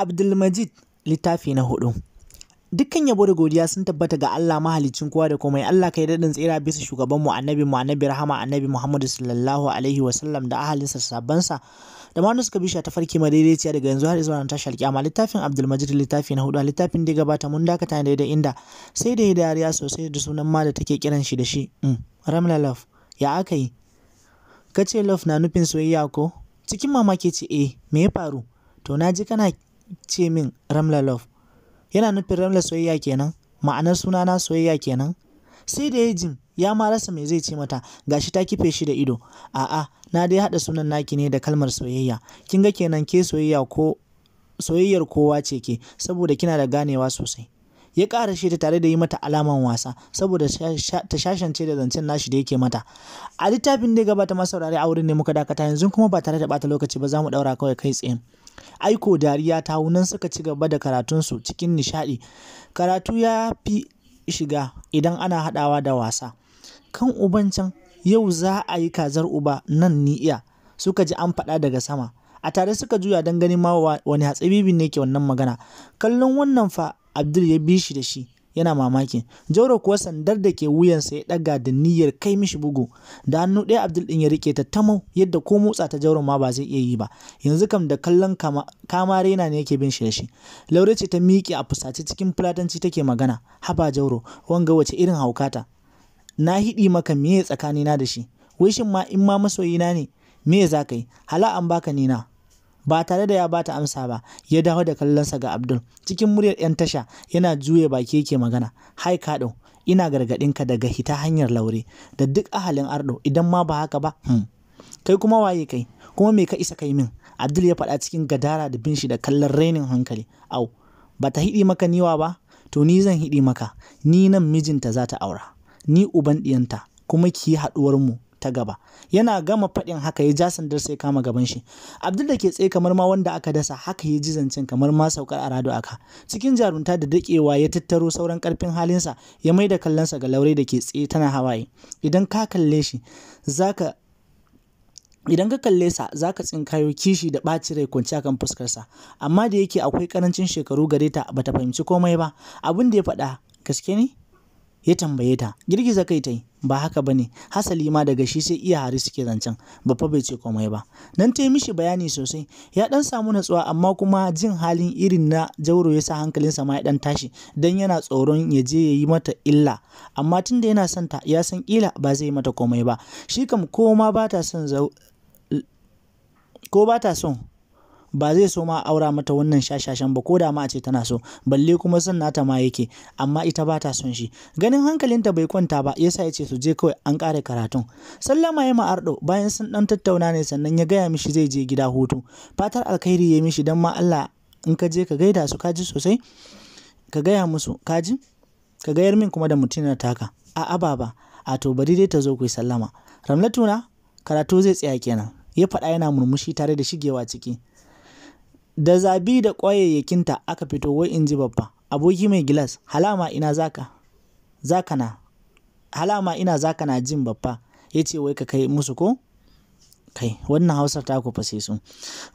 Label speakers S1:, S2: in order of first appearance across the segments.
S1: Abdulmajid littafi na hudu Dukkan yabo da godiya sun tabbata ga Allah mahalicin kowa da komai Allah kai daɗin tsira bisa shugaban mu annabi mu annabi rahama annabi Muhammadu sallallahu alaihi sallam da ahalinsa sabbansa da ma suka bisha ta farki madaidaiciya daga yanzu har zuwa tashar kiyama littafin Abdulmajid littafi na hudu littafin da gabata mun dakata ne da inda sai da dariya sosai da sunan ma da take kiran shi da shi mm. Ramla love ya aka yi kace love na nufin soyayya ko cikin mamaki ce eh me ya faru to na ji kana ce min Ramla Love. Yana nufin Ramla soyayya kenan, ma'anar sunana soyayya kenan. Sai da ya jin ya ma rasa me zai ce mata gashi ta kife shi da ido. A'a, na dai haɗa sunan naki ne da kalmar soyayya. Kin ga kenan ke soyayya ko soyayyar kowa ce ke saboda kina da ganewa sosai. ya ƙara shi ta tare da yi mata alaman wasa saboda ta shashance da zancen nashi da yake mata a littafin da ya gabata masu a wurin ne muka dakata yanzu kuma ba tare da ɓata lokaci ba za mu ɗaura kawai kai tsaye Aiko dariya ta hau suka ci gaba da karatunsu cikin nishaɗi. Karatu ya fi shiga idan ana haɗawa da wasa. Kan uban can, yau za a yi kazar uba nan ni iya, suka ji an faɗa daga sama. A tare suka juya don ganin ma wani hatsabibin ne ke wannan magana. Kallon wannan fa Abdul ya bi shi da shi. yana mamaki Jauro kuwa sandar da ke wuyansa ya ɗaga da niyyar kai mishi bugu. Da hannu ɗaya Abdul ɗin ya rike ta tamo yadda ko motsa ta Jauro ma ba zai iya yi ba. Yanzu kam da kallon kamare yana ne yake bin shi da shi. Laure ce ta miƙe a fusace cikin fulatanci take magana. Haba Jauro, wanga wace irin haukata. Na hiɗi maka meye tsakanina da shi. Wai shin ma in ma masoyina ne? Me za ka yi? Hala an baka nina. ba tare da ya bata amsa ba ya dawo da kallonsa ga abdul cikin muryar 'yan tasha yana juya baki yake magana hai kaɗo ina ka daga hita hanyar laure da duk ahalin ardo idan ma ba haka ba hmm. kai kuma waye kai kuma me ka isa kai min abdul ya faɗa cikin gadara da bin shi da kallon rainin hankali au ba ta hiɗi maka niwa ba to ni zan hiɗi maka ni nan mijinta za ta aura ni uban ɗiyanta kuma ki yi haɗuwar mu ta gaba yana gama faɗin haka ya ja sandar sai kama gaban shi abdul da ke tsaye kamar ma wanda aka dasa haka ya ji zancen kamar ma saukar arado aka cikin jarunta da dakewa ya tattaro sauran karfin halinsa ya mai da sa ga laure da ke tsaye tana hawaye idan ka kalle shi zaka idan ka kalle sa za ka tsinkayo kishi da ɓaci rai kwanci akan fuskarsa amma da yake akwai karancin shekaru gare ta bata fahimci komai ba abin da ya faɗa gaske ne ya tambaye ta girgiza kai ta yi ba haka ba ne hasali ma daga shi sai iya hari suke zancen bafa bai ce komai ba nan ta yi mishi bayani sosai ya dan samu natsuwa amma kuma jin halin irin na jauro ya sa hankalinsa ma ya dan tashi dan yana tsoron ya je ya yi mata illa amma tunda yana son ta ya san kila ba zai mata komai ba shi kam ko ma ba ta son ko ba ta son ba zai so ma aura mata wannan shashashan ba ko da ma a ce tana so balle kuma son nata ma yake amma ita ba ta son shi ganin hankalinta bai kwanta ba yasa ya ce su je kawai an kare karatun sallama ya ma'ardo bayan sun dan tattauna ne sannan ya gaya mishi zai je gida hutu fatar alkhairi ya mishi dan ma Allah in ka je ka gaida su ka ji sosai ka gaya musu ka ji, ka gayar min kuma da mutumin taka a baba. a to bari dai ta zo ku sallama ramlatuna karatu zai tsaya kenan ya faɗa yana murmushi tare da shigewa ciki Da zabi da ƙwayayyakinta aka fito wai in ji babba, aboki mai gilas, halama ina zaka, zaka na, halama ina zaka na jin babba, ya ce wai ka kai musu ko? Kai, wannan hausar ta ku fase su.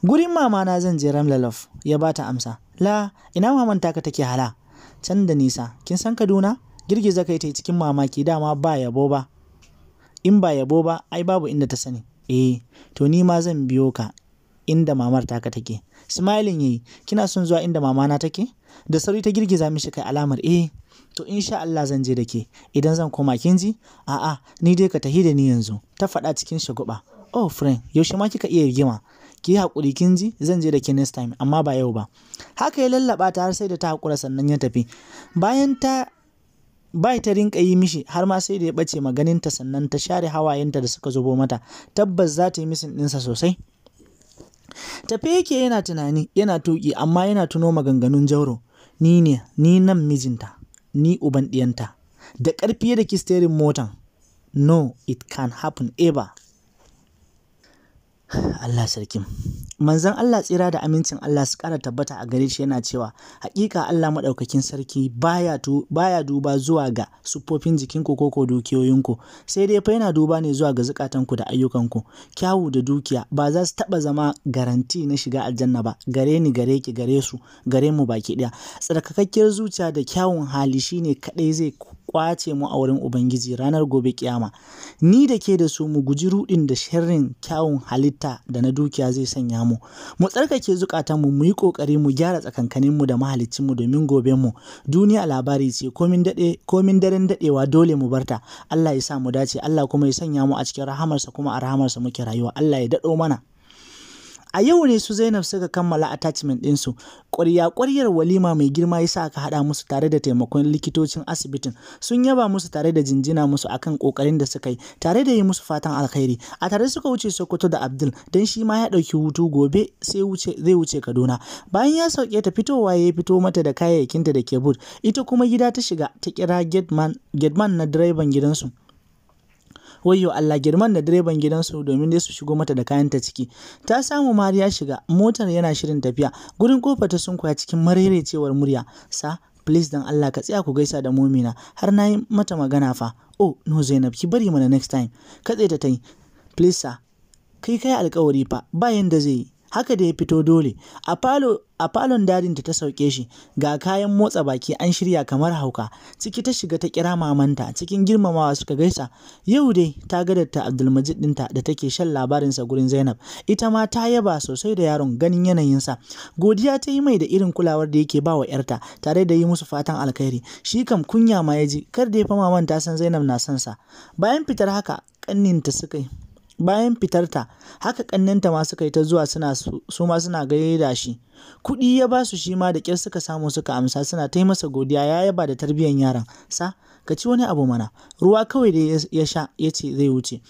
S1: Gurin mama na zan je ramlalof ya bata amsa. La, ina maman taka take hala? Can da nisa, kin san Kaduna? Girgiza kai ta cikin mamaki dama ba yabo ba. In ba yabo ba, ai babu inda ta sani. Eh, to ni ma zan biyo ka inda mamar taka take. smiling yayi kina son zuwa inda mamana take da sauri ta girgiza mishi kai alamar eh to insha Allah zan je da ke idan zan koma kinji? a'a ni dai ka tahi da ni yanzu ta faɗa cikin shaguba oh friend yaushe ma kika iya rigima ki haƙuri hakuri kinji zan je da ke next time amma ba yau ba haka ya lallaba ta har sai da ta haƙura sannan ya tafi bayan ta bai ta rinka yi mishi har ma sai da ya ɓace maganinta sannan ta share hawayenta da suka zubo mata tabbas za ta yi misin ɗinsa sosai tafe yake yana tunani yana tuƙi amma yana tuno maganganun jauro ni ne ni nan mijinta ni uban ɗiyanta da ƙarfi da ki steering motan no it can happen ever Allah sarkin. Manzon Allah tsira da amincin Allah su ƙara tabbata a gare shi yana cewa haƙiƙa Allah maɗaukakin sarki baya tu baya duba zuwa ga siffofin jikinku ko ko dukiyoyinku sai dai fa yana duba ne zuwa ga zukatanku da ayyukanku kyawu da dukiya ba za su taɓa zama garanti na shiga aljanna ba gare ni gare ki gare su gare mu baki ɗaya tsarkakakkiyar zuciya da kyawun hali shine kaɗai zai ƙwace mu a wurin Ubangiji ranar gobe kiyama. Ni da ke da su mu guji ruɗin da shirin kyawun halitta da na dukiya zai sanya mu. Mu tsarkake zukatanmu mu yi kokari mu gyara tsakankaninmu da mahaliccinmu domin mu Duniya labari ce komin komin daren daɗewa dole mu barta. Allah ya sa mu dace Allah kuma ya sanya mu a cikin rahamarsa kuma a rahamarsa muke rayuwa. Allah ya daɗo mana. A yau ne su Zainab suka kammala attachment ɗinsu. Ƙwarya-ƙwaryar walima mai girma ya sa aka haɗa musu tare da taimakon likitocin asibitin. Sun yaba musu tare da jinjina musu akan ƙoƙarin da suka yi, tare da yi musu fatan alkhairi. A tare suka wuce Sokoto da Abdul, don shi ma ya ɗauki hutu gobe sai wuce zai wuce Kaduna. Bayan ya sauke ta fitowa ya fito mata da kayayyakinta da ke Ita kuma gida ta shiga ta kira Gateman na direban gidansu. wayyo Allah girman da direban gidansu domin dai su shigo mata da kayanta ciki ta samu Mariya shiga motar yana shirin tafiya gurin kofar ta sunkuya cikin mararecewar murya sa please dan Allah ka tsaya ku gaisa da momina har na yi mata magana fa oh no Zainab ki bari mana next time Ka tsaye ta tai please sa kai kai alkawari fa ba yanda zai yi haka da ya fito dole a falon dadinta ta sauke shi ga kayan motsa baki an shirya kamar hauka ciki ta shiga ta kira mamanta cikin girmamawa suka gaisa yau dai ta gadatta abdulmajid dinta da take shan labarinsa gurin zainab ita ma ta yaba sosai da yaron ganin yanayinsa godiya ta yi mai da irin kulawar da yake ba wa yarta tare da yi musu fatan alkhairi shi kam kunya ma ya ji kar da ya fa maman ta san zainab na san sa bayan fitar haka kanninta suka Bayan fitarta, haka ƙannenta ma suka yi ta zuwa su ma suna gaida shi, kuɗi ya ba su shi ma da ƙyar suka samu suka amsa suna ta yi masa godiya ya yaba da tarbiyyar yaran, sa ka ci wani abu mana, ruwa kawai da ya sha ya ce zai wuce.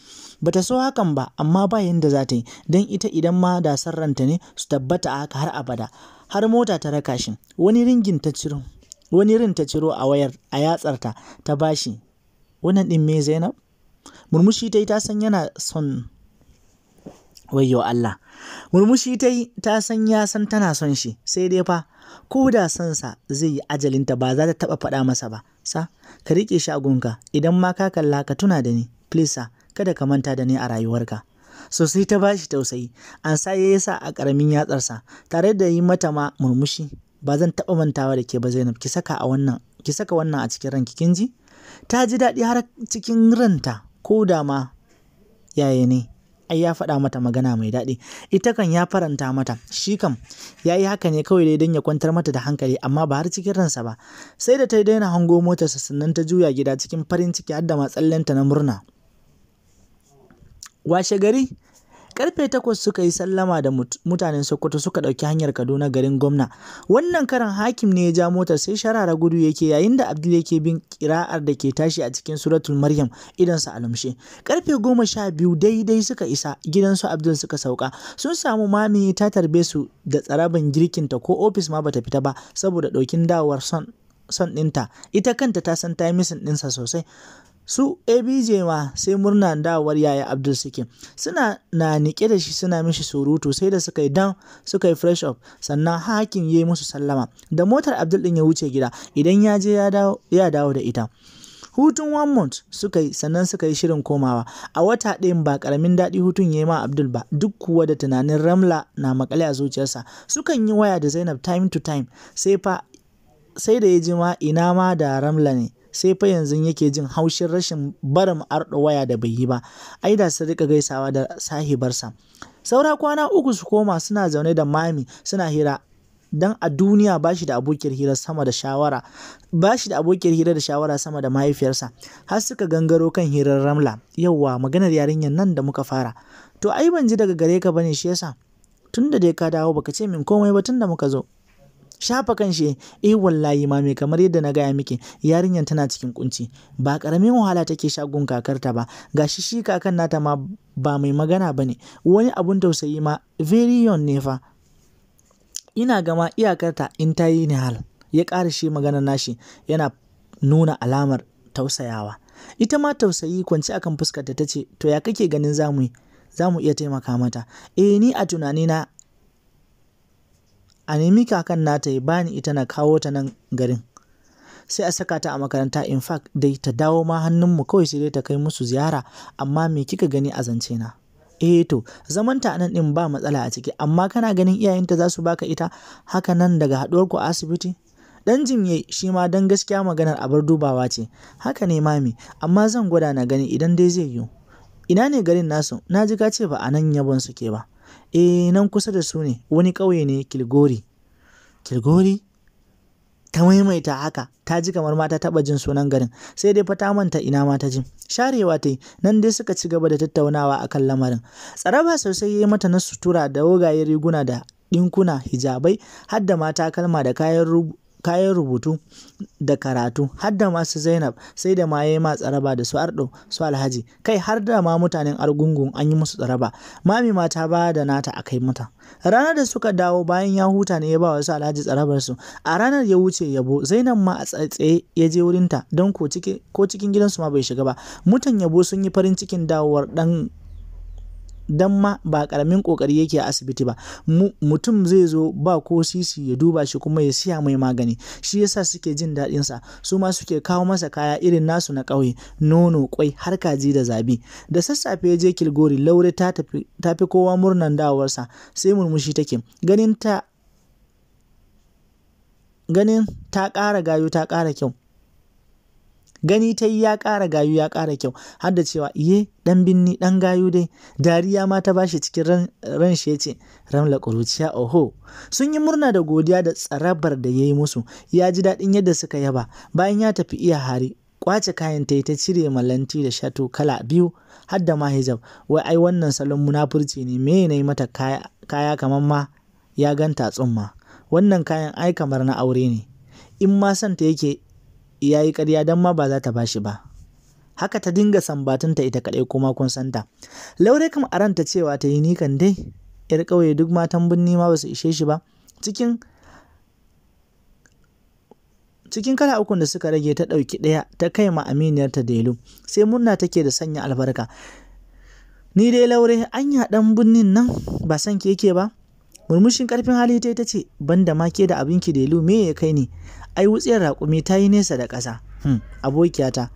S1: Bata so hakan ba amma ba yadda za ta yi, don ita idan ma da san ranta ne su tabbata a haka har abada, har mota ta raka shi, wani ringin ta ciro. rin ta ciro a wayar a yatsarta ta bashi, wannan ɗin me Zainab? murmushi ta yi ta san yana son wayo Allah murmushi ta yi ta san ya san tana son shi sai dai fa ko da son sa zai yi ajalinta ba za ta taba faɗa masa ba sa ka riƙe shi a idan ma ka kalla ka tuna da ni please sa kada ka manta da ni a rayuwarka sosai ta bashi tausayi an sa ya yasa a ƙaramin sa. tare da yi mata ma murmushi ba zan taɓa mantawa da ke ba Zainab ki saka a wannan ki saka wannan a cikin ranki kin ji ta ji daɗi har cikin ranta ko da ma yaya ne ai ya faɗa mata magana mai daɗi ita kan ya faranta mata shi kam ya yi haka ne kawai dai don ya kwantar mata da hankali amma ba har cikin ransa ba sai da ta daina hango motarsa sannan ta juya gida cikin farin ciki har da matsallanta na murna washe gari Karfe takwas suka yi sallama da mutanen Sokoto suka ɗauki hanyar Kaduna garin gwamna. Wannan karan hakim ne ya ja motar sai sharara gudu yake yayin da Abdul yake bin kira'ar da ke tashi a cikin suratul Maryam idan su alumshe Karfe goma sha biyu daidai suka isa gidansu Abdul suka sauka. Sun samu mami ta tarbe su da tsaraban girkinta ko ofis ma bata fita ba saboda ɗaukin dawar son son ɗinta ita kanta ta san ta yi misin ɗinsa sosai Su ABJ ma sai murna dawowar Yaya Abdul suke, suna na niƙe da shi suna mishi surutu sai da suka yi dam suka yi fresh up sannan hakin ya yi musu sallama da motar Abdul ɗin ya wuce gida idan ya je ya dawo da ita. Hutun one month suka yi sannan suka yi shirin komawa. A wata ɗayan ba ƙaramin daɗi hutun ya yi ma Abdul ba duk kuwa da tunanin Ramla na makale a zuciyarsa. Sukan yi waya da Zainab time to time sai fa sai da ya ji ma ina ma da Ramla ne. sai fa yanzu yake jin haushin rashin barin arɗo waya da bai yi ba ai da su rika gaisawa da sahibarsa saura kwana uku su koma suna zaune da mami suna hira dan a duniya ba shi da abokiyar hira sama da shawara ba da abokiyar hira da shawara sama da mahaifiyarsa har suka gangaro kan hirar ramla yauwa maganar yarinyar nan da muka fara to ai ban ji daga gare ka bane shi yasa tunda dai ka dawo baka ce min komai ba tunda muka zo shafa kan shi eh wallahi kamar yadda na gaya miki yarinyar tana cikin kunci ba karamin wahala take shagon kakarta ba gashi shi kakan nata ma ba mai magana bane wani abun tausayi ma very young ne fa ina gama iyakarta in ta yi ni hal ya ƙara shi maganar nashi yana nuna alamar tausayawa ita ma tausayi kwanci akan fuskar ta ce to ya kake ganin zamu yi za mu iya taimaka mata eh ni a tunanina a nemi kakan nata ya bani ita na kawo ta nan garin sai a saka ta a makaranta in fact dai ta dawo ma hannunmu kawai sai dai ta kai musu ziyara amma me kika gani a zance na eh to zaman ta nan din ba matsala a ciki amma kana ganin iyayenta za su baka ita haka nan daga haɗuwar ku a asibiti dan yayi shi ma dan gaskiya maganar abar dubawa ce haka ne mami amma zan gwada na gani idan dai zai yiwu ina ne garin nasu na ji ka ce ba a nan yabon suke ba eh nan kusa da su ne wani ƙauye ne kilgori kilgori ta maimaita haka ta ji kamar ma ta taɓa jin sunan garin sai dai fa ta manta ina ma ta ji sharewa ta yi nan dai suka ci gaba da tattaunawa a kan lamarin tsaraba sosai ya yi mata na sutura da wogaye riguna da ɗinkuna hijabai har da mata kalma da kayan kayan rubutu da karatu har da masu Zainab sai da ma ya yi ma tsaraba da su Ardo su Alhaji kai har da ma mutanen Argungun an yi musu tsaraba mami ma ta ba da nata a kai mata ranar da suka dawo bayan ya huta ne ya ba wasu Alhaji tsarabar su a ranar ya wuce yabo Zainab ma a tsaye ya je wurinta don ko cikin gidansu ma bai shiga ba mutan yabo sun yi farin cikin dawowar dan dan ma ba ƙaramin ƙoƙari yake a asibiti ba mutum zai zo ba ko sisi ya duba shi kuma ya siya mai magani shi yasa suke jin daɗin sa su ma suke kawo masa kaya irin nasu na ƙauye nono kwai har kaji da zabi da sassafe ya je kilgori laure ta tafi kowa murnan dawarsa sai murmushi take ganin ta ganin ta ƙara gayo ta ƙara kyau gani ta yi ya ƙara gayu ya ƙara kyau har da cewa iye ɗan binni ɗan gayu dai dariya ma ta bashi cikin ran shi ce ramla ƙuruciya oho sun yi murna da godiya da tsarabar da ya yi musu ya ji daɗin yadda suka yaba bayan ya tafi iya hari kwace kayan ta ta cire malanti da shato kala biyu har da ma hijab wai ai wannan salon munafurci ne me ne mata kaya, kamar ma ya ganta tsumma wannan kayan ai kamar na aure ne in ma santa yake ya yi ƙarya don ma ba za ta bashi ba. Haka ta dinga sambatunta ita kaɗai kuma kun santa. Laure kam a ranta cewa ta yi nikan dai, ‘yar ƙauye duk matan birni ma ba su ishe shi ba. Cikin cikin kala ukun da suka rage ta ɗauki ɗaya ta kai ma aminiyar ta delu sai murna take da sanya albarka ni dai laure anya ɗan birnin nan ba san keke yake ba murmushin karfin hali ta ita ce ban da make da abinki da ilu me ya kai ni ai wutsiyar raƙumi ta yi nesa da ƙasa hmm. abokiyata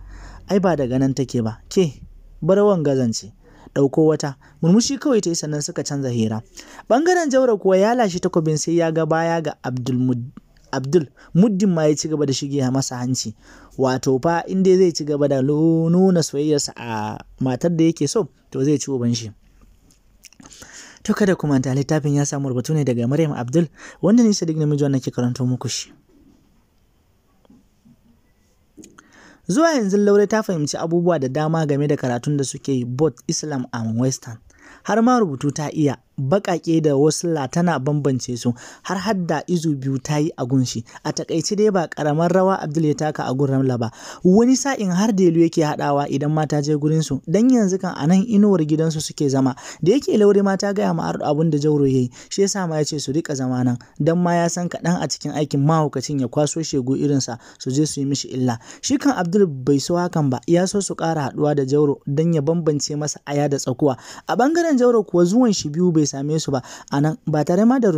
S1: ai ba daga nan take ba ke barawan gazance ɗauko wata murmushi kawai ta yi sannan suka canza hira ɓangaren jaura kuwa ya lashe takobin sai ya ga baya ga abdul muddin ma ya ci gaba da shige masa hanci wato fa in dai zai ci gaba da nuna soyayyarsa a matar da yake so to zai ci uban shi To kada ku manta littafin ya samu rubutu ne daga Maryam Abdul wanda ni Sadiq namiji wannan ke karanto muku shi. Zuwa yanzu Laure ta fahimci abubuwa da dama game da karatun da suke yi both Islam and Western. Har ma rubutu ta iya baƙaƙe da wasu tana bambance su har hadda izu biyu ta yi a gunshi a takaice dai ba ƙaramar rawa abdul ya taka a gurin ba wani sa'in har delu yake haɗawa idan mata je gurin su dan yanzu kan anan inuwar gidansu suke zama da yake laure mata gaya ma ardu abin da jauro yayi shi yasa ma yace su rika zama nan dan ma ya san kaɗan a cikin aikin mahaukacin ya kwaso shegu sa, su je su yi mishi illa shi kan abdul bai so hakan ba ya so su ƙara haɗuwa da jauro dan ya bambance masa aya da tsakuwa a ɓangaren jauro kuwa zuwan shi biyu bai same su ba a nan ba tare ma da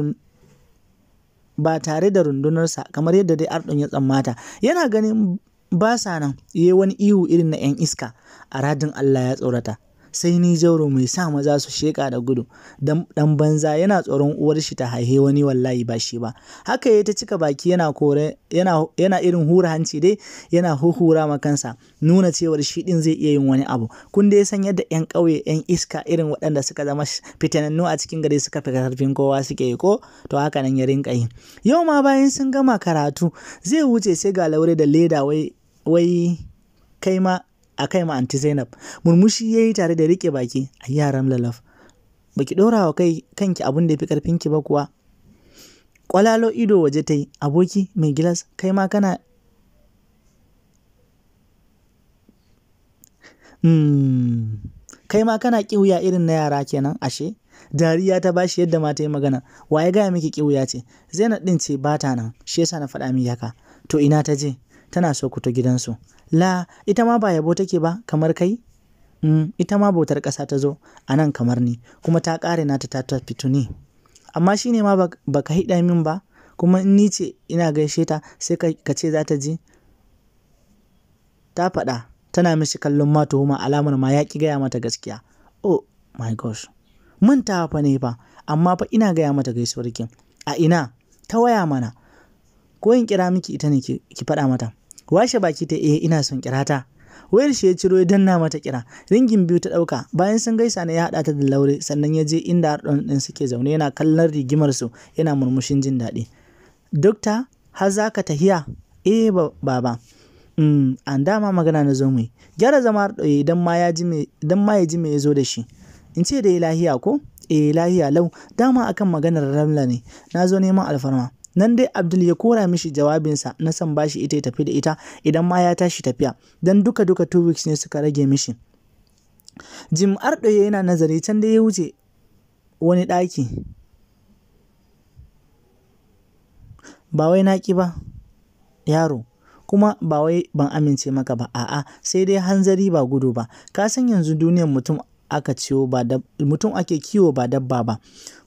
S1: ba tare da rundunarsa kamar yadda dai Ardon ya tsammata yana ganin ba sa nan yi wani ihu irin na 'yan iska a radin Allah ya tsorata sai ni jauro mai sa maza su sheƙa da gudu dan banza yana tsoron uwar shi ta haihe wani wallahi ba shi ba haka ya ta cika baki yana kore yana yana irin hura hanci dai yana huhura ma kansa nuna cewar shi din zai iya yin wani abu kun dai san yadda yan kauye yan iska irin waɗanda suka zama fitanannu a cikin gari suka fi karfin kowa suke yi ko to haka nan ya rinka yi yau ma bayan sun gama karatu zai wuce sai ga laure da leda wai wai kai ma a kai ma anti zainab murmushi ya yi tare da rike baki a yaran lalaf ba ki ɗora wa kai kanki abin da ya fi ƙarfinki ba kuwa ƙwalalo ido waje ta yi aboki mai gilas kai ma kana hmm, kai ma kana ƙiwuya irin na yara kenan ashe dariya ta bashi yadda ma ta yi magana wa ya gaya miki ƙiwuya ce zainab ɗin ce ba ta nan shi yasa na faɗa min haka to ina ta je tana so ku ta gidansu la ita ma ba yabo take ba kamar kai mm, ita ma bautar ƙasa ta zo a nan kamar ni kuma ta ƙare nata ta ta fito ni amma shi ne ma ba ka hiɗa min ba kuma in ni ce ina gaishe ta sai ka ce za ta ji ta faɗa tana mishi kallon ma tuhuma alamar ma ya ƙi gaya mata gaskiya oh my gosh ta fa ne fa amma fa ina gaya mata gaisuwar kin a ina ta waya mana ko in kira miki ita ne ki faɗa mata washe baki ta eh ina son kira ta wayar shi ya ciro ya danna mata kira ringin biyu ta dauka bayan sun gaisa ne ya hada ta da laure sannan ya je inda ardon din suke zaune yana kallon rigimar su yana murmushin jin daɗi dokta har za ka tahiya eh baba mm, an dama magana na zo mu gyara zama ɗoye eh, idan ma ya ji me ya zo da shi in ce da lahiya ko eh lahiya lau dama akan maganar ramla ne na zo neman alfarma nan dai abdul ya kora mishi jawabinsa na san bashi ita ya tafi da ita idan ma ya tashi tafiya dan duka duka two weeks ne suka rage mishi jim arɗoye yana nazari can da ya wuce wani ɗaki ba wai naƙi ba yaro kuma ba wai ban amince maka ba a'a sai dai hanzari ba gudu ba ka san yanzu duniyar mutum aka ciwo ba mutum ake kiwo ba dabba ba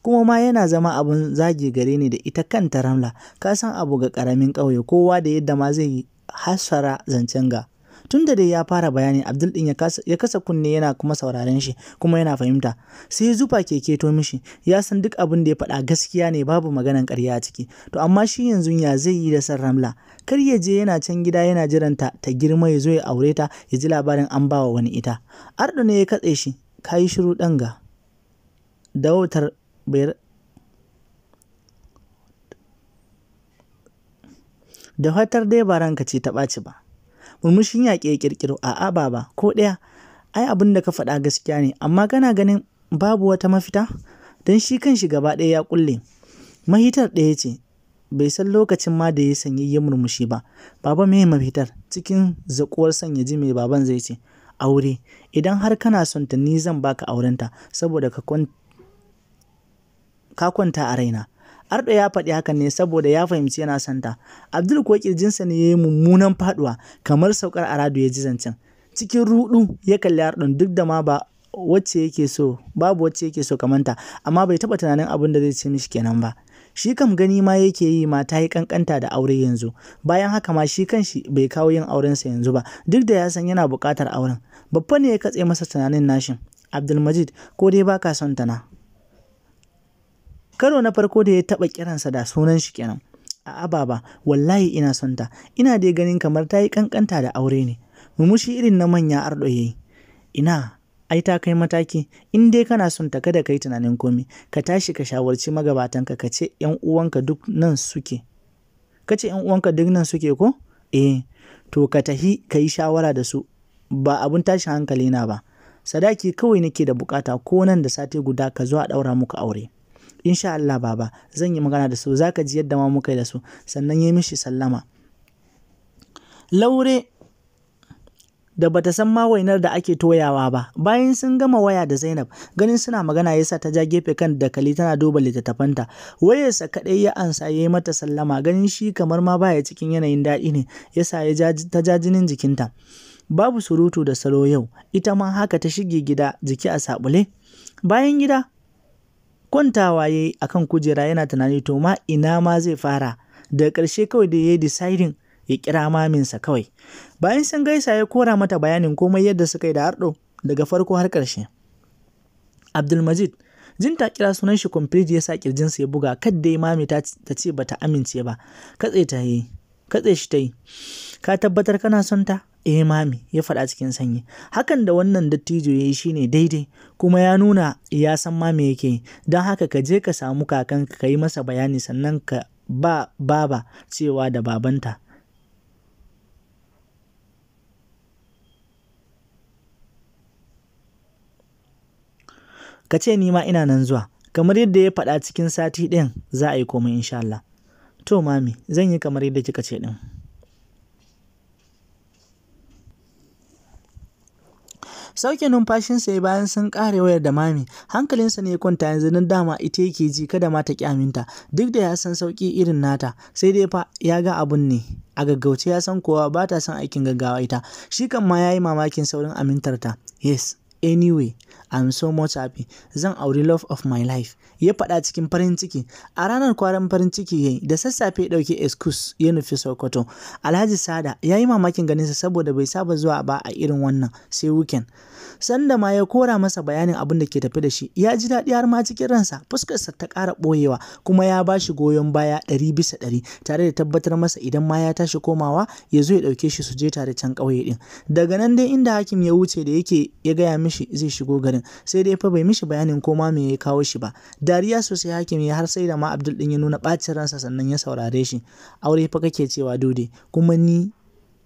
S1: kuma ma yana zama abun zagi gare ni da ita kanta ramla ka san abu ga karamin ƙauye kowa da yadda ma zai hasara zancen ga tun da dai ya fara bayani abdul din ya kasa kunne yana kuma sauraren shi kuma yana fahimta sai zufa keke to mishi ya san duk abin da ya faɗa gaskiya ne babu maganan ƙarya a ciki to amma shi yanzu ya zai yi da san ramla kar ya je yana can gida yana jiranta ta girma ya zo ya aure ta ya ji labarin an bawa wani ita ardo ne ya katse shi Ka yi shiru ɗan ga. dawatar bayar Da fatar dai ba ranka ce ta ɓaci ba. Murmushin yaƙi ya ƙirƙiro, a'a baba, ko ɗaya, ai abin da ka faɗa gaskiya ne, amma kana ganin babu wata mafita? Don shi kan shi gaba ɗaya ya ƙulle. Mahitar ɗaya ce, bai san lokacin ma da ya sanyi ya murmushi ba. Baba mai mafitar? Cikin zaƙuwar sanya ya ji mai baban zai ce. aure idan har kana son ta ni zan baka aurenta saboda ka kwanta a raina Ardo ya faɗi haka ne saboda ya fahimci yana son ta. Abdul kuwa kirjinsa ne ya yi mummunan faduwa kamar saukar aradu ya ji zancen. Cikin rudu ya kalli Ardon duk da ma ba wacce yake so babu wacce yake so kamanta amma bai taba tunanin abin da zai ce mishi kenan ba. shi kam gani ma yake yi ma ta yi kankanta da aure yanzu bayan haka ma shi kanshi bai kawo yin aurensa yanzu ba duk da ya san yana buƙatar auren babba ne ya katse masa tunanin nashin abdulmajid ko dai baka son ta na karo na farko da ya taɓa kiransa da sunan shi kenan a Baba, wallahi ina son ta ina dai ganin kamar ta yi kankanta da aure ne mumushi irin na manya arɗo yayi ina ai ta kai mataki in dai kana son ta kada yi tunanin komi ka tashi ka shawarci magabatan ka ce yan uwanka duk nan suke ka ce yan uwanka duk nan suke ko eh to ka tahi ka yi shawara da su ba abun tashi hankali na ba sadaki kawai nake da bukata ko nan da sati guda ka zo a daura muku aure insha Allah baba zan yi magana da su zaka ji yadda ma muka yi da su sannan yi mishi sallama laure da bata san ma wainar da ake toyawa ba bayan sun gama waya da Zainab ganin suna magana yasa ta ja gefe kan dakali tana duba littattafanta wayarsa kadai ya ansa ya yayi mata sallama ganin shi kamar ma baya cikin yanayin daɗi ne yasa ya ta ja jinin jikinta babu surutu da salo yau ita ma haka ta shige gida jiki a sabule bayan gida kwantawa yayi akan kujera yana tunani to ma ina ma zai fara da ƙarshe kawai da yayi deciding ya kira maminsa kawai bayan sun gaisa ya kora mata bayanin komai yadda suka yi da ardo daga farko har ƙarshe abdulmajid jin ta kira sunan shi complete ya sa kirjinsa ya buga kad dai mami ta ce bata amince ba katse ta shi ta yi ka tabbatar kana son ta eh mami ya faɗa cikin sanyi hakan da wannan dattijo ya yi shi ne daidai kuma ya nuna ya san mami yake yi. don haka ka je ka samu kakanka ka yi masa bayani sannan ka ba baba cewa da babanta ka ce ni ma ina nan zuwa kamar yadda ya faɗa cikin sati ɗin za a yi komai insha Allah to mami zan yi kamar yadda kika ce ɗin sauke numfashinsa ya bayan sun kare wayar da mami hankalinsa ne ya kwanta yanzu don dama ita yake ji kada ma ta aminta duk da ya san sauki irin nata sai dai fa ya ga abun ne a gaggauce ya san kowa ba ta son aikin gaggawa ita shi kan ma ya yi mamakin saurin amintarta yes anyway am so much happy zan auri love of my life ya faɗa cikin farin ciki a ranar kwaran farin ciki yayi da sassafe ya ɗauki excuse ya nufi sokoto alhaji sada ya yi mamakin ganinsa saboda bai saba zuwa ba a irin wannan sai weekend sanda ma ya kora masa bayanin abin da ke tafi da shi ya ji daɗi har ma cikin ransa fuskarsa ta ƙara ɓoyewa kuma ya ba shi goyon baya ɗari bisa ɗari tare da tabbatar masa idan ma ya tashi komawa ya zo ya ɗauke shi su je tare can ƙauye ɗin daga nan dai inda hakim ya wuce da yake ya gaya mishi zai shigo garin sai dai fa bai mishi bayanin ko ma me ya kawo shi ba dariya sosai hakim ya har sai da ma abdul din ya nuna bacin ransa sannan ya saurare shi aure fa kake cewa dode kuma ni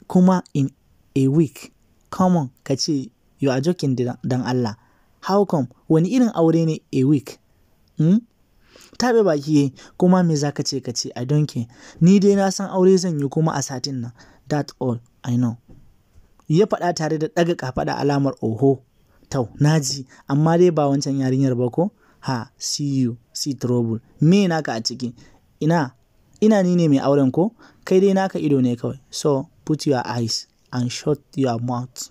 S1: kuma in a week come on ka ce you are joking dan Allah how come wani irin aure ne a week hmm? tabe baki kuma me zaka ce ka ce i don't care ni dai na san aure zan yi kuma a satin nan that all i know ya faɗa tare da ɗaga kafaɗa alamar oho tau naji amma dai ba wancan yarinyar ba ko ha see you see trouble me naka a ciki ina ina ni ne mai auren ko kai dai naka ido ne kawai so put your eyes and shut your mouth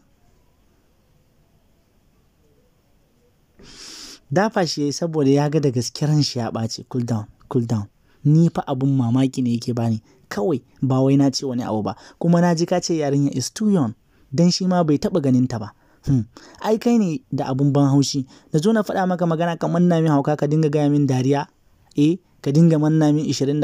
S1: dafa shi yayi saboda ya ga da gaskiyar shi ya ɓace cool down cool down ni fa abun mamaki ne yake bani kawai ba wai na ce wani abu ba kuma na ji ka ce yarinya is too young dan shi ma bai taɓa ganin ta ba Hmm. Ai kai ne da abun ban haushi, Da zo na faɗa maka magana ka manna min hauka ka dinga gaya min dariya, eh ka dinga manna min ishirin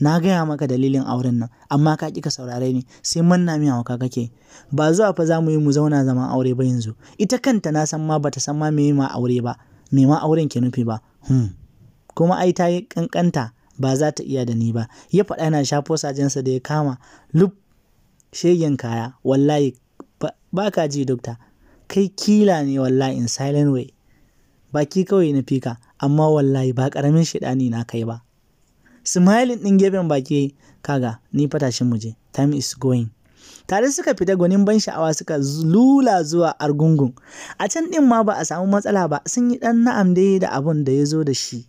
S1: Na gaya maka dalilin auren nan amma ka ƙi ka saurare ni sai manna min hauka kake. Ba zuwa fa za mu yi mu zauna zaman aure ba yanzu. Ita kanta na san ma bata san ma me ma aure ba, me ma auren ke nufi ba. Hmm. Kuma ai ta yi ƙanƙanta ba za ta iya da ni ba. Ya faɗa yana shafo sajensa da ya kama lub shegen kaya wallahi ba ka ji dokta kai kila ne wallahi in silent way baki kawai na fika amma wallahi ba ƙaramin ni na kai ba smiling ɗin gefen baki kaga ni fatashin muje time is going tare suka fita gwanin ban sha'awa suka lula zuwa argungun a can ɗin ma ba a samu matsala ba sun yi ɗan na'am dai da abun da ya zo da shi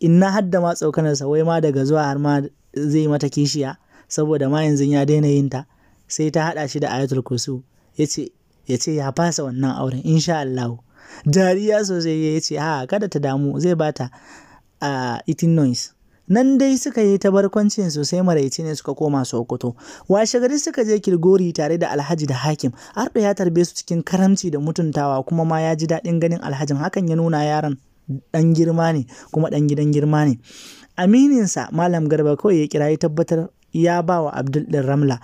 S1: inna har da ma sa, wai ma daga zuwa har ma zai mata kishiya saboda ma yanzu ya daina yin ta sai ta haɗa shi da ayatul kursu ya ce ya fasa wannan auren insha Allah dariya sosai ya ce ha kada ta damu zai bata a itin noise nan dai suka yi ta barkwancin sosai maraice ne suka koma sokoto washe gari suka je kilgori tare da alhaji da hakim ardo ya tarbe su cikin karamci da mutuntawa kuma ma ya ji daɗin ganin alhajin hakan ya nuna yaron ɗan girma ne kuma ɗan gidan girma ne amininsa malam garba kawai ya kira ya tabbatar ya ba wa abdul ɗin ramla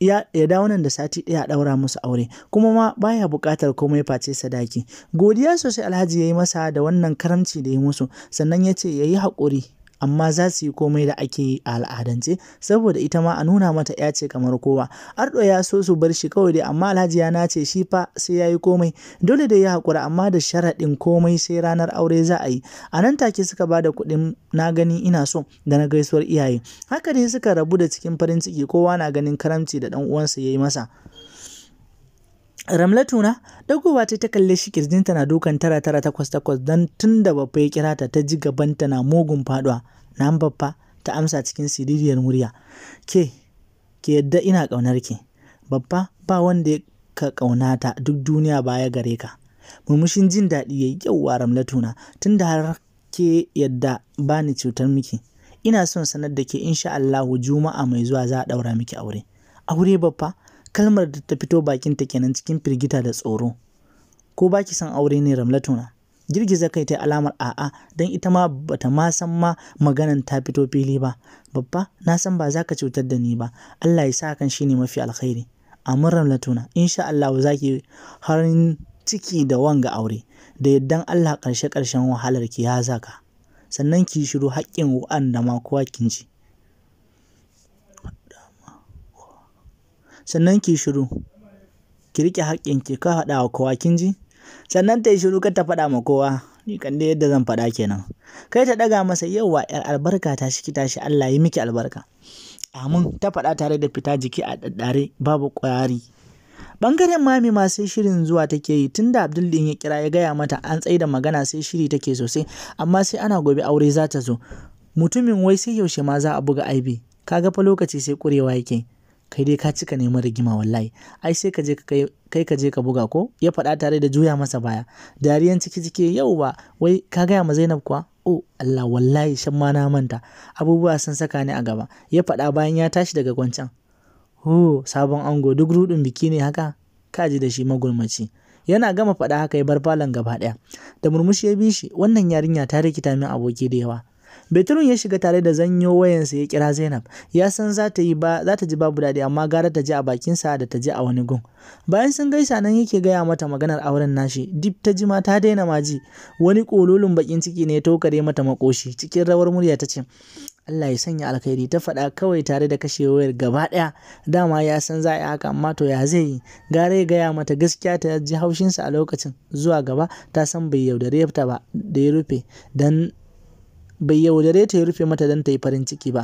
S1: ya dawo nan da sati ɗaya a ɗaura musu aure kuma ma baya buƙatar komai face sadaki godiya sosai alhaji ya yi masa da wannan karamci da ya musu sannan ya ce ya yi haƙuri amma za su yi komai da ake yi a al'adance saboda ita ma a nuna mata ya ce kamar kowa ardo ya so su bar shi kawai dai amma alhaji ya nace shi fa sai ya yi komai dole dai ya haƙura amma da sharaɗin komai sai ranar aure za a yi a nan take suka ba da kuɗin na gani ina so da na gaisuwar iyaye haka dai suka rabu da cikin farin ciki kowa na ganin karamci da ɗan uwansa ya yi masa Ramlatuna dagowa ta ta kalle shi kirjinta na dukan tara tara takwas takwas don tun da babba ya kira ta ta ji gabanta na mugun faduwa na babba ta amsa cikin siririyar murya ke ke yadda ina ƙaunar ki babba ba wanda ka ta duk duniya baya gare ka murmushin jin daɗi ya yayi yauwa na tun da har ke yadda ba ni cutar miki ina son sanar da ke insha Allahu juma'a mai zuwa za a ɗaura miki aure aure babba kalmar da ta fito ta kenan cikin firgita da tsoro ko baki san aure ne ramlatuna girgiza kai ta alamar a'a don ita ma bata ma san ma maganan ta fito fili ba babba na san ba za ka cutar da ni ba Allah ya sa kan ne mafi alkhairi amin ramlatuna insha Allah za ki harin ciki da wanga aure da yaddan Allah ƙarshe ƙarshen wahalar ki ya zaka sannan ki shiru haƙƙin wa'anda ma kowa kin ci sannan ki shiru ki rike riƙe ki ka faɗa wa kowa kin ji sannan ta yi shiru kar ta faɗa ma kowa ni kan dai yadda zan faɗa kenan kai ta ɗaga masa yauwa yar albarka ta shi tashi Allah yi miki albarka amin ta faɗa tare da fita jiki a daddare babu ƙwari bangaren mami ma sai shirin zuwa take yi tunda Abdul din ya kira ya gaya mata an da magana sai shiri take sosai amma sai ana gobe aure za ta zo mutumin wai sai yaushe ma za a buga aibi kaga fa lokaci sai kurewa yake kai dai ka cika neman rigima wallahi ai sai ka je kai ka je ka buga ko ya faɗa tare da juya masa baya dariyan ciki ciki yau ba wai ka gaya ma Zainab kuwa oh Allah wallahi shan ma na manta abubuwa sun saka ni a gaba ya faɗa bayan ya tashi daga kwancan oh sabon ango duk rudin biki ne haka ka ji da shi magulmaci yana gama faɗa haka ya bar falon gaba ɗaya da murmushi ya bi shi wannan yarinya ta rikita min aboki da yawa Bitrun ya shiga tare da zanyo wayansa ya kira Zainab. Ya san za ta yi ba za ta ji babu daɗi amma gara ta ji a bakinsa da ta ji a wani gun. Bayan sun gaisa nan yake gaya mata maganar auren nashi. Dip ta ji ma ta daina maji. Wani kololin bakin ciki ne ya tokare mata makoshi. Cikin rawar murya ta ce, Allah ya sanya alkhairi ta faɗa kawai tare da kashe wayar gaba ɗaya dama ya san za a yi haka amma to ya zai yi gara ya gaya mata gaskiya ta ji haushinsa a lokacin zuwa gaba ta san bai yaudare ta ba da ya rufe dan bai yaudare ta ya rufe mata don ta yi farin ciki ba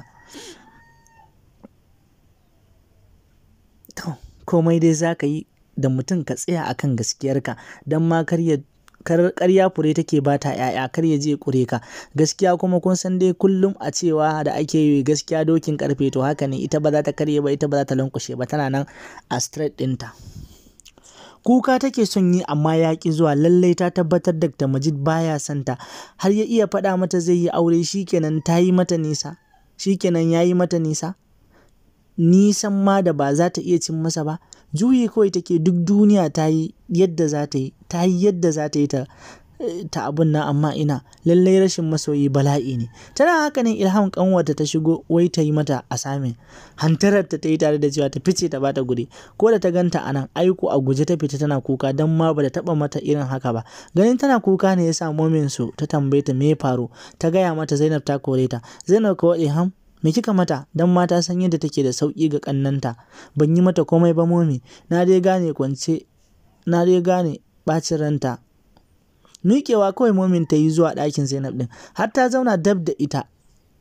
S1: komai dai za ka yi da mutum ka tsaya a kan gaskiyarka don ma karya fure take ba ta ‘ya'ya kar ya je kure ka gaskiya kuma kun san dai kullum a cewa da ake yi gaskiya dokin karfe to haka ne ita ba za ta karye ba ita ba za ta lankushe ba tana nan a straight ɗinta. Kuka take son yi amma ya ki zuwa, lallai ta tabbatar Dr. Majid baya ya son ta, har ya iya faɗa mata zai yi aure shikenan ta yi mata nisa, shikenan ya yi mata nisa. Nisan ma da ba za ta iya cin masa ba, juyi kawai take duk duniya ta yi yadda za ta yi, ta yi yadda za ta yi ta ta abun nan amma ina lallai rashin masoyi bala'i ne tana haka ne ilham kanwarta ta shigo wai ta yi mata asamin hantarar ta yi tare da cewa ta fice ta bata guri ko da ta ganta anan aiko a guje ta fita tana kuka dan ma bata taba mata irin haka ba ganin tana kuka ne yasa momin su ta tambaye ta me faru ta gaya mata Zainab ta kore ta Zainab ko ilham me kika mata dan mata san yadda take da sauki ga kannanta ban yi mata komai ba momi na dai gane kwance na dai gane bacin ranta Miƙewa kawai Momin ta yi zuwa ɗakin Zainab ɗin, har ta zauna dab da ita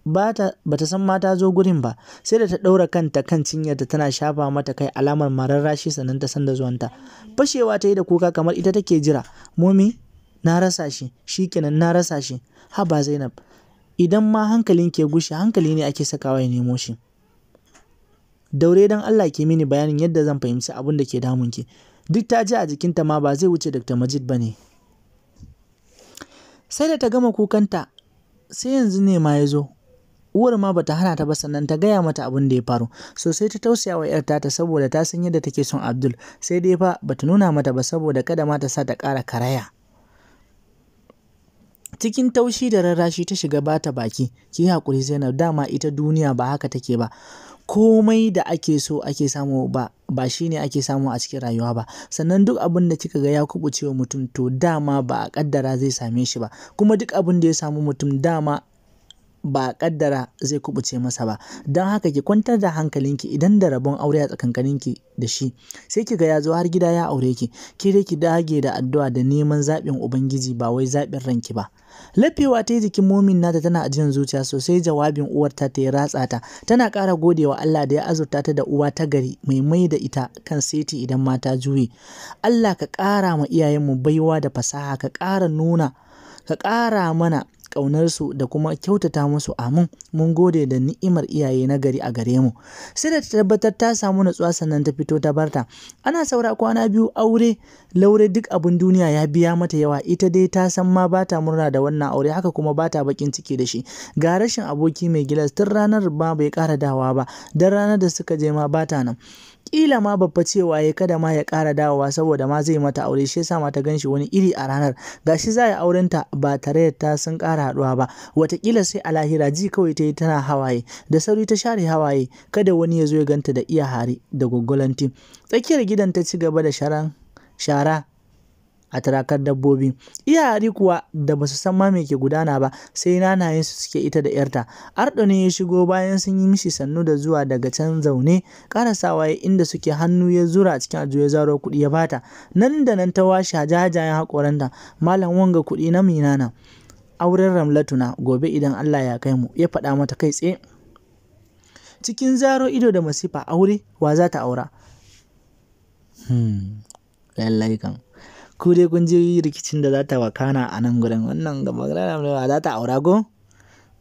S1: ba ta san ma ta zo gurin ba, sai da ta ɗaura kanta kan cinyarta tana shafa mata kai alamar mararrashi sannan ta san da zuwanta. Fashewa ta yi da kuka kamar ita take jira, Momi na rasa shi, shi kenan na rasa shi, haba Zainab, idan ma hankalin ke gushe hankali ne ake sakawa ya nemo shi. Daure don Allah ke mini bayanin yadda zan fahimci abin da ke damun ki. Duk ta ji a jikinta ma ba zai wuce Dr. Majid ba ne. sai da ta gama kukanta sai yanzu ne ma ya zo uwar ma bata hana ta ba sannan ta gaya mata abin da ya faru so sai ta tausaya wa yarta ta saboda ta san yadda take son Abdul sai dai fa bata nuna mata ba saboda kada ma ta sa ta ƙara karaya cikin taushi da rarrashi ta shiga bata baki ki hakuri Zainab dama ita duniya ba haka take ba komai da ake so ake samu ba ba shi ne ake samu a cikin rayuwa ba sannan duk abin da kika ga ya kuɓuce wa mutum to dama ba a ƙaddara zai same shi ba kuma duk abin da ya samu mutum dama ba ƙaddara zai kubuce masa ba don haka ki kwantar da hankalinki idan da rabon aure a tsakankaninki da shi sai ki ga ya zo har gida ya aure ki ki dai ki dage da addu'a da neman zaɓin ubangiji ba wai zaɓin ranki ba lafewa ta yi jikin momin nata tana jin zuciya sosai jawabin uwarta ta ya ratsa ta tana ƙara godewa Allah da ya azurta ta da uwa ta gari mai mai da ita kan seti idan mata juye Allah ka ƙara ma iyayenmu baiwa da fasaha ka ƙara nuna ka ƙara mana ƙaunarsu da kuma kyautata musu amin mun gode da ni'imar iyaye na gari a gare mu sai da ta tabbatar ta samu natsuwa sannan ta fito ta barta ana saura kwana biyu aure laure duk abin duniya ya biya mata yawa ita dai ta san ma ba ta murna da wannan aure haka kuma ba ta bakin ciki da shi ga rashin aboki mai gilas tun ranar ba bai kara dawa ba don ranar da suka je ma ba ta nan kila ma babba cewa ya kada ma ya ƙara dawowa saboda ma zai mata aure shi yasa ma ta ganshi wani iri a ranar gashi za ya auren ta ba tare da ta sun ƙara haɗuwa ba watakila sai a lahira ji kawai ta yi tana hawaye da sauri ta share hawaye kada wani ya zo ya ganta da iya hari da gwaggwalanti tsakiyar gidan ta ci gaba da sharan shara a tarakar dabbobi iya hari kuwa da ba su san ma ke gudana ba sai nanayen su suke ita da yarta ardo ne ya shigo bayan sun yi mishi sannu da zuwa daga can zaune karasawa ya inda suke hannu ya zura cikin ajo ya zaro kuɗi ya bata nan da nan ta washe hajajayen haƙoranta malam wanga kuɗi na minana auren ramlatuna gobe idan allah ya kai mu ya faɗa mata kai tsaye cikin zaro ido da masifa aure wa za ta aura hmm, lallai kan ku dai kun je rikicin da za ta wakana a nan gurin wannan ga magana ba za ta aura go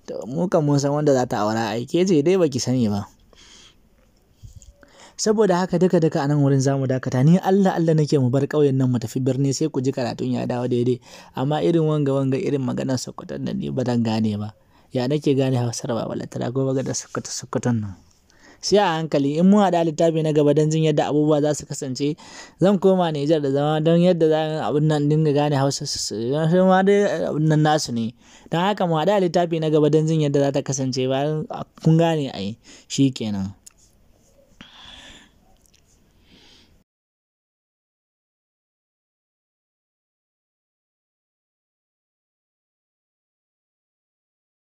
S1: to mu kan mun san wanda za ta aura aike ke ce dai baki sani ba saboda haka duka duka a nan wurin za mu dakata ni Allah Allah nake mu bar ƙauyen nan mu tafi birni sai ku ji karatun ya dawo daidai amma irin wanga wanga irin maganar sokoton da ni ba dan gane ba ya nake gane hausar ba balatara ko maganar sokoto sokoton nan sai a hankali in mun haɗa littafi na gaba don jin yadda abubuwa za su kasance zan koma Nijar da zama don yadda za a abin nan dinga gane Hausa don shi ma dai abin nan nasu ne don haka mu haɗa littafi na gaba don jin yadda za ta kasance bayan kun gane ai shi kenan.